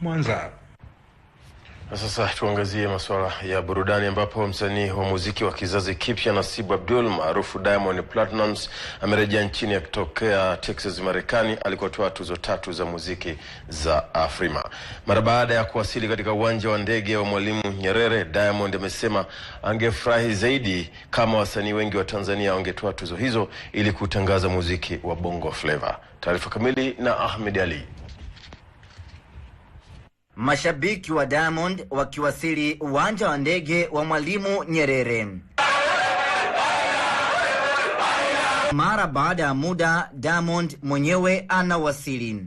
Mwanza. Na sasa tuangazie masuala ya burudani ambapo msanii wa muziki wa kizazi kipya Nasibu Abdul maarufu Diamond Platnumz amerejea nchini akitokea Texas, Marekani, alikotoa tuzo tatu za muziki za Afrima. Mara baada ya kuwasili katika uwanja wa ndege wa Mwalimu Nyerere, Diamond amesema angefurahi zaidi kama wasanii wengi wa Tanzania wangetoa tuzo hizo ili kutangaza muziki wa Bongo Flava. Taarifa kamili na Ahmed Ali. Mashabiki wa Diamond wakiwasili uwanja wa ndege wa Mwalimu Nyerere. Mara baada ya muda, Diamond mwenyewe anawasili.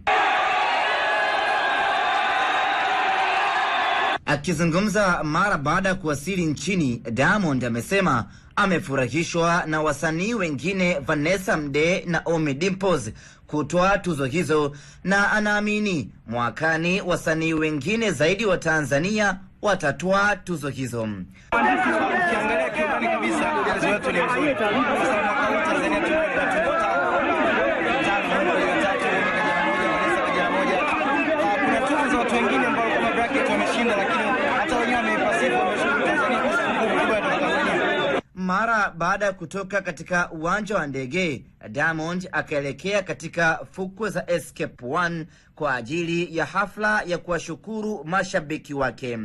Akizungumza mara baada ya kuwasili nchini, Diamond amesema amefurahishwa na wasanii wengine Vanessa Mdee na Omi Dimpoz kutoa tuzo hizo, na anaamini mwakani wasanii wengine zaidi wa Tanzania watatoa tuzo hizo. Mara baada ya kutoka katika uwanja wa ndege, Diamond akaelekea katika fukwe za Escape One kwa ajili ya hafla ya kuwashukuru mashabiki wake,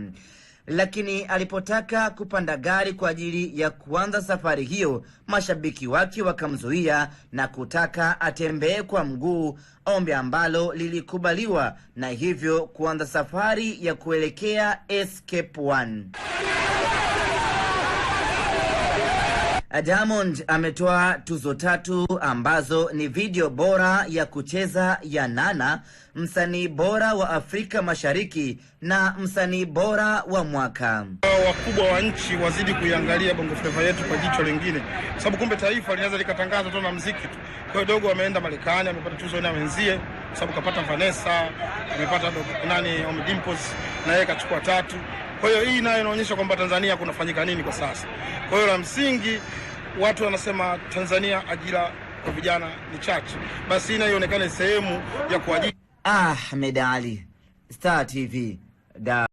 lakini alipotaka kupanda gari kwa ajili ya kuanza safari hiyo, mashabiki wake wakamzuia na kutaka atembee kwa mguu, ombi ambalo lilikubaliwa na hivyo kuanza safari ya kuelekea Escape One. Uh, Diamond ametoa tuzo tatu ambazo ni video bora ya kucheza ya Nana, msanii bora wa Afrika Mashariki na msanii bora wa mwaka. Wakubwa wa nchi wazidi kuiangalia Bongo Flava yetu kwa jicho lingine, kwa sababu kumbe taifa linaweza likatangaza tu na mziki tu. Kwa hiyo dogo ameenda Marekani, amepata tuzo na wenzie, kwa sababu kapata Vanessa, amepata nani Omdimpos, na yeye kachukua tatu. Kwa hiyo hii nayo inaonyesha kwamba Tanzania kunafanyika nini kwa sasa. Kwa hiyo la msingi, watu wanasema Tanzania ajira kwa vijana ni chache, basi hii nayo inaonekana sehemu ya kuajiri. Ah, Ahmed Ali, Star TV da